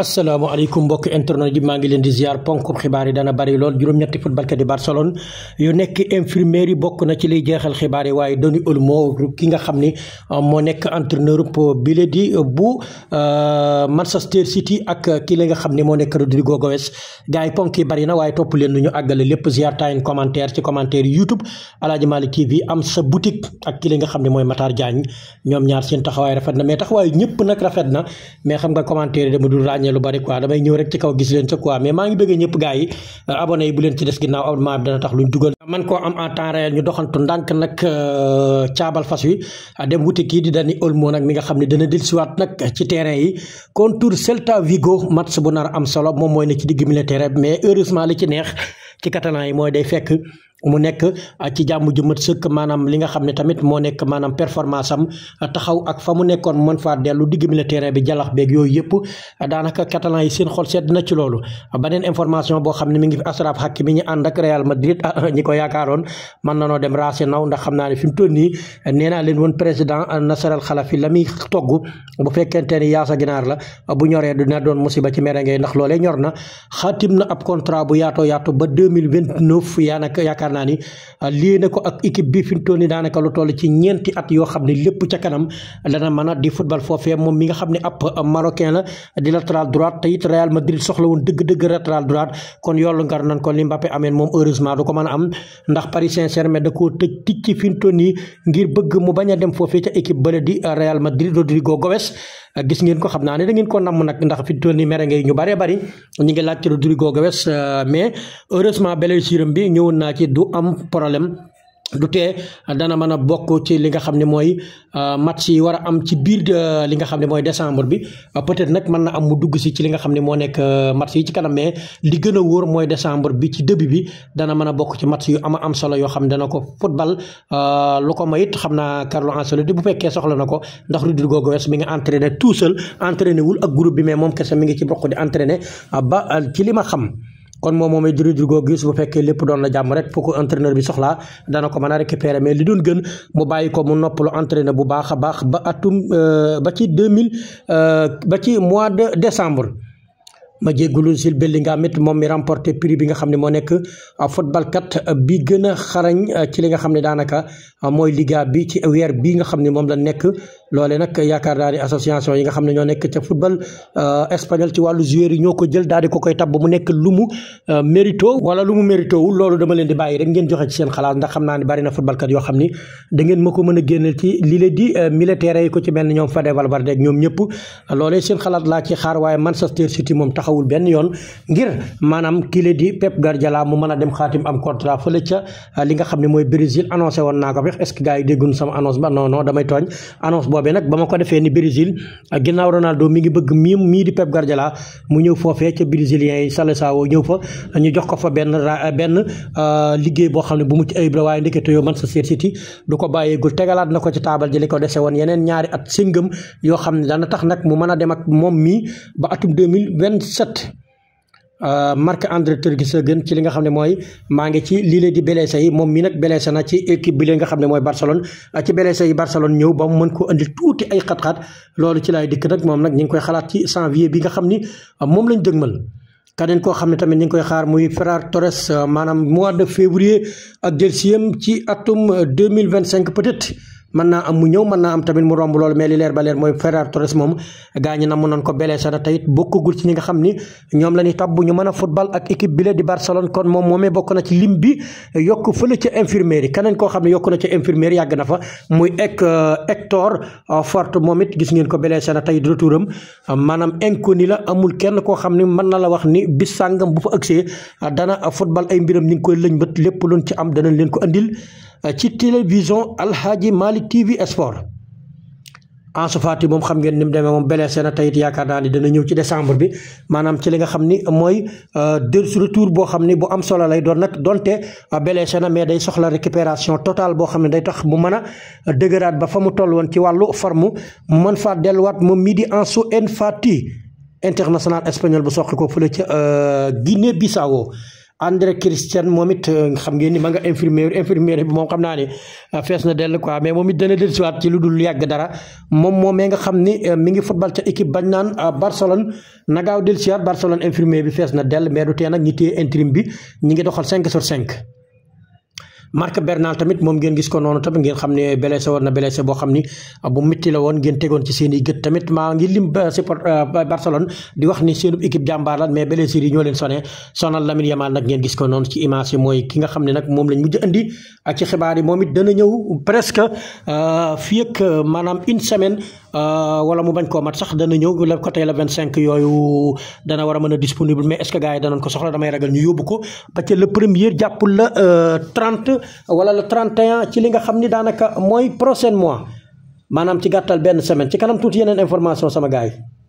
asalaamaaleykum mbokk internet ji maa ngi leen di ziar ponkum xibaar yi dana bari lool juróom-ñetti footbalkat yi Barcelone yu nekk infirmière yi bokk na ci liy jeexal xibaar yi waaye Dani Olmo ki nga xam ni uh, moo nekk entraîneur uh, bi la di uh, bu Manchester City ak ki la nga xam ni moo nekk Rodrigo Goes gars yi ponk yi bari na waaye topp leen nu ñu àggale lépp ziar tayin commentaire ci commentaire YouTube ma Malick TV am sa boutique ak ki la nga xam ne mooy Matar Diagne ñoom ñaar seen taxawaay rafet na mais taxawaay ñëpp nag rafet na lu bari quoi damay ñëw rek ci kaw gis leen sa quoi mais maa ngi bëggee ñëpp gars yi euh, abonné yi bu leen ci des ginnaaw abonnement bi dana tax luñ dugal man koo am en temps ñu doxantu ndànk nag euh, caabal fas wi euh, dem wuti kii Dani Olmo nag mi nga xam ne dana dellusiwaat nag ci terrain yi contre Celta Vigo match bu nar am solo moom mooy ne ci digg milieu terrain mais heureusement li ci neex ci catalan yi mooy day fekk mu nekk ah, ci jàmm ju mat sëkk maanaam li nga xam ne tamit moo nekk maanaam performance am ah, taxaw ak fa mu nekkoon man faa dellu digg mi la terrain bi jalax beeg yooyu yëpp ah, daanaka catalan yi seen xol sedd na ci loolu beneen information boo xam ne mi ngi fi Achraf Hakimi ñu ànd ak Real Madrid ñi ko yaakaaroon mën nanoo dem raase naw ndax xam naa ne fi mu toll nii nee naa leen woon président Nasser Al Khelaïfi la muy togg bu fekkente ni yaasa ginaar la bu ñoree dina doon musiba ci merengue ndax loolee ñor na xaatim na ab contrat bu yaatoo yaatu ba 2029 yaa nag yaakaar naa ni ah, lii na ko ak équipe bi fi nii daanaka lu toll ci ñeenti at yoo xam ne lépp ca kanam dana mën a di football foofee moom mi nga xam ne ab marocain la di latéral droite te Real Madrid soxla woon dëgg-dëgg latéral droite kon yoolu ngar nan ko li Mbappé ameen moom heureusement du ko mën a am ndax Paris Saint-Germain da koo tëj tic ci nii ngir bëgg mu bañ a dem foofee ca équipe bële di Real Madrid Rodrigo Gomes gis ngeen ko xam du am problème du tee dana mën a bokk ci li nga xam ne mooy euh, match yi war a am ci biir euh, li nga xam ne mooy décembre bi euh, peut-être nag mën na am mu dugg si ci li nga xam ne moo nekk match yi ci kanam mais li gën a wóor mooy décembre bi ci début bi dana mën a bokk ci match yu ama am solo yoo xam ne dana ko football lu ko mayit xam naa Carlo Ancelotti bu fekkee soxla na ko ndax Rodrigo Goes mi nga entraîné tout seul entraîné wul ak groupe bi mais moom kese mi ngi ci bokk di entraîné ba ci li ma xam kon moom moomay duri dur googu su bu fekkee lépp doon na jàmm rek fu ko entraîneur bi soxlaa dana ko mën a récupérer mais li doon gën mu bàyyi ko mu noppalu entraîneur bu baax a baax ba atum euh, ba ci 2000 euh, ba ci mois de décembre ma jéggulu Jules Bellingham it moom mi remporté prix bi nga xam ne moo nekk ah, footballkat ah, bi gën a xarañ ah, ci li nga xam ne daanaka mooy liga bi ci weer bi nga xam ne moom la nekk loole nag yaakaar naa ni association yi nga xam ne ñoo nekk ca football espagnol ci wàllu joueur yi ñoo ko jël daal di ko koy tabb mu nekk lu mu mérito wala lu mu mérito wu loolu dama leen di bàyyi rek ngeen joxe ci seen xalaat ndax xam naa ni bari na footballkat yoo xam ni da ngeen ma ko mën a génneel ci li la ko ci mel ni ñoom Fede Valverde ñoom ñëpp loolee seen xalaat laa moom taxaw taxawul benn yoon ngir maanaam kile di Pep Guardiola mu mën a dem xaatim am contrat fële ca euh, li nga xam ne mooy Brésil annoncé woon naa ko fex est-ce que gars yi déggun sama annonce ba non damay tooñ annonce boobee nag ba euh, mu euh, boo xam ne bu mucc ayib la waaye ndekete yoo Manchester City du ko bàyyeegul tegalaat na ko ci taabal ji li ko dese woon yeneen ñaari at sëngëm yoo xam ne dana tax nag mu mën a dem ak moom mii ba atum set euh, marque André Terguiseghen ci li nga xam ne mooy maa ngi ci lii lée di blessé yi moom mi nag blessé na ci équipe bi li nga xam ne mooy Barcelone euh, ci blessé yi Barcelone ñëw ba mu mën ko andi tuuti ay xat-xat loolu ci laay dikk nag moom nag ñu ngi koy xalaat ci janvier bi nga xam ni euh, moom lañ dëgmal kaneen koo xam ne tamit ñu ngi koy xaar muy Ferran Torres maanaam mois de février ak delsiam ci atum 2025 peut-être mën naa am mu ñëw mën naa am tamit mu romb loolu mais li leer ba leer mooy Ferran Torres moom gaañu na mu noon ko blessé na teyit bokkagul ci ñi nga xam ni ñoom la ñuy tab bu ñu mën a football ak équipe bi la di Barcelone kon moom moomee bokk na ci lim bi yokk fële ca infirmerie keneen koo xam ne na ca infirmerie yàgg na fa muy ek euh, Hector euh, Fort moom it gis ngeen ko blessé na teyit retouram maanaam inconnu la amul kenn koo xam ni mën na la wax ni bis sàngam bu fa agsee dana football ay mbiram ni ngi koy lëñbët lépp luñ ci am danañ leen ko andil Euh, ci télévision Alhaji Malick TV Sport Ansu Fati moom xam ngeen ni mu demee moom blessé na tayit yaakaar naa ni dana ñëw ci décembre bi maanaam ci li nga xam ni euh, mooy euh, de retour boo xam ni bu am solo lay doon nag donte blessé na mais day soxla récupération totale boo xam ne day tax mu mën a dëgëraat ba fa mu toll woon ci wàllu forme mu mën faa delluwaat moom mii di Ansu Fati international espagnol bu soqi ko fële ca Guinée Bissau André Christian moom it euh, xam ngeen ni ma nga infirmière infirmière bi moom xam naa ne euh, fees na dell quoi mais moom it dana dellusiwaat ci lu dul yàgg dara moom moom mee nga xam ni euh, mi ngi football ca équipe bañ naan Barcelone nagaaw dellusiwaat Barcelone infirmière bi fees na dell mee du tee nag ñi téye intérim bi ñi ngi doxal 5 sur 5 Marc Bernal tamit moom ngeen gis ko noonu tamit ngeen xam ne blessé woon na blessé boo xam ni bu métti la woon ngeen tegoon ci seen i gët tamit maa ngi lim euh, support euh, Barcelone di wax ni seenub équipe jàmbaar la mais blessure yi ñoo leen sone sonal Lamine Yamal nag ngeen gis andi ak ci xibaar moom it dana ñëw presque euh, fii ak maanaam une semaine wala mu bañ koo mat sax dana ñëw le côté le cinq yooyu dana war a mën a disponible mais est-ce que gars yi danañ ko soxla damay ragal ñu yóbbu ko ba ca le la 30 wala le 31 ci li nga xam ni daanaka mooy prochain mois maanaam ci gàttal benn semaine ci kanam tuuti yeneen information sama gars